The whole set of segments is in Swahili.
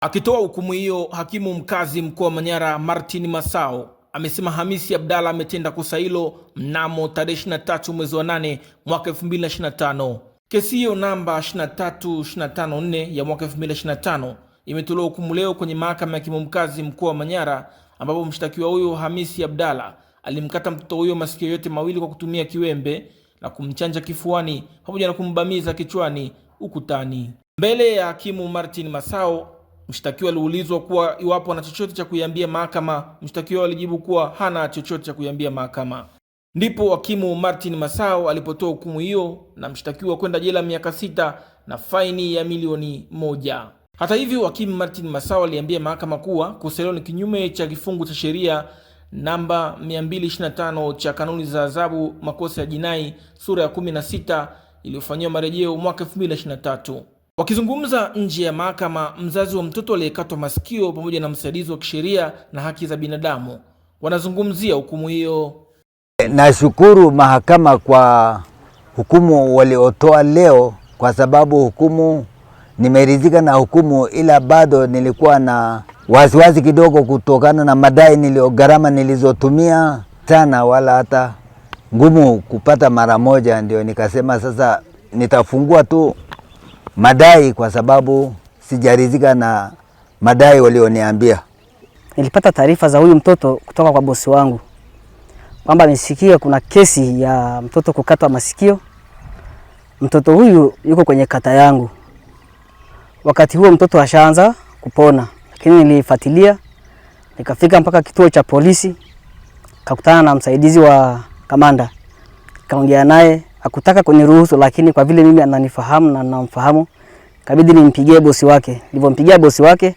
Akitoa hukumu hiyo, hakimu mkazi mkoa wa Manyara Martin Masao amesema Hamisi Abdalla ametenda kosa hilo mnamo tarehe 23 mwezi wa 8 mwaka 2025. Kesi hiyo namba 23254 ya mwaka 2025 imetolewa hukumu leo kwenye mahakama ya hakimu mkazi mkoa wa Manyara, ambapo mshtakiwa huyo Hamisi Abdalla alimkata mtoto huyo masikio yote mawili kwa kutumia kiwembe na kumchanja kifuani pamoja na kumbamiza kichwani ukutani. Mbele ya hakimu Martin Masao Mshtakiwa aliulizwa kuwa iwapo ana chochote cha kuiambia mahakama. Mshtakiwa alijibu kuwa hana chochote cha kuiambia mahakama. Ndipo hakimu Martin Masao alipotoa hukumu hiyo na mshtakiwa kwenda jela miaka sita na faini ya milioni moja. Hata hivyo, hakimu Martin Masao aliambia mahakama kuwa kosa ni kinyume cha kifungu cha sheria namba 225 cha kanuni za adhabu makosa ya jinai sura ya 16 iliyofanyiwa marejeo mwaka 2023. Wakizungumza nje ya mahakama, mzazi wa mtoto aliyekatwa masikio pamoja na msaidizi wa kisheria na haki za binadamu wanazungumzia hukumu hiyo. Nashukuru mahakama kwa hukumu waliotoa leo, kwa sababu hukumu nimeridhika na hukumu, ila bado nilikuwa na wasiwasi kidogo kutokana na madai nilio, gharama nilizotumia sana, wala hata ngumu kupata mara moja, ndio nikasema sasa nitafungua tu madai kwa sababu sijaridhika na madai walioniambia. Nilipata taarifa za huyu mtoto kutoka kwa bosi wangu kwamba amesikia kuna kesi ya mtoto kukatwa masikio. Mtoto huyu yuko kwenye kata yangu, wakati huo mtoto ashaanza kupona, lakini nilifuatilia nikafika mpaka kituo cha polisi, kakutana na msaidizi wa kamanda, kaongea naye hakutaka kuniruhusu, lakini kwa vile mimi ananifahamu na namfahamu, kabidi nimpigie bosi wake. Nilipompigia bosi wake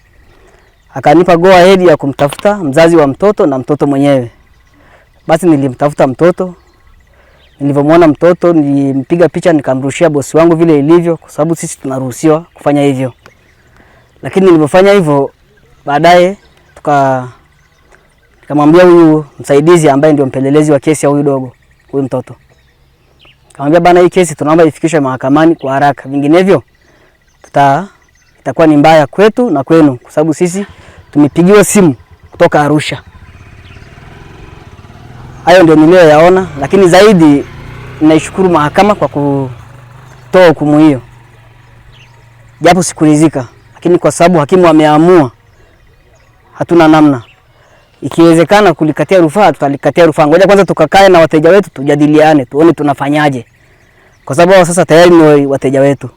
akanipa go ahead ya kumtafuta mzazi wa mtoto na mtoto mwenyewe. Basi nilimtafuta mtoto. Nilivyomwona mtoto nilimpiga picha nikamrushia bosi wangu vile ilivyo, kwa sababu sisi tunaruhusiwa kufanya hivyo. Lakini nilivyofanya hivyo, baadaye tuka nikamwambia huyu msaidizi ambaye ndio mpelelezi wa kesi ya huyu dogo, huyu mtoto Kamwambia bana, hii kesi tunaomba ifikishwe mahakamani kwa haraka, vinginevyo tuta itakuwa ni mbaya kwetu na kwenu, kwa sababu sisi tumepigiwa simu kutoka Arusha. Hayo ndio niliyoyaona, lakini zaidi naishukuru mahakama kwa kutoa hukumu hiyo, japo sikuridhika, lakini kwa sababu hakimu ameamua, hatuna namna ikiwezekana kulikatia rufaa tutalikatia rufaa. Ngoja kwanza tukakae na wateja wetu tujadiliane, tuone tunafanyaje, kwa sababu sasa tayari ni wateja wetu.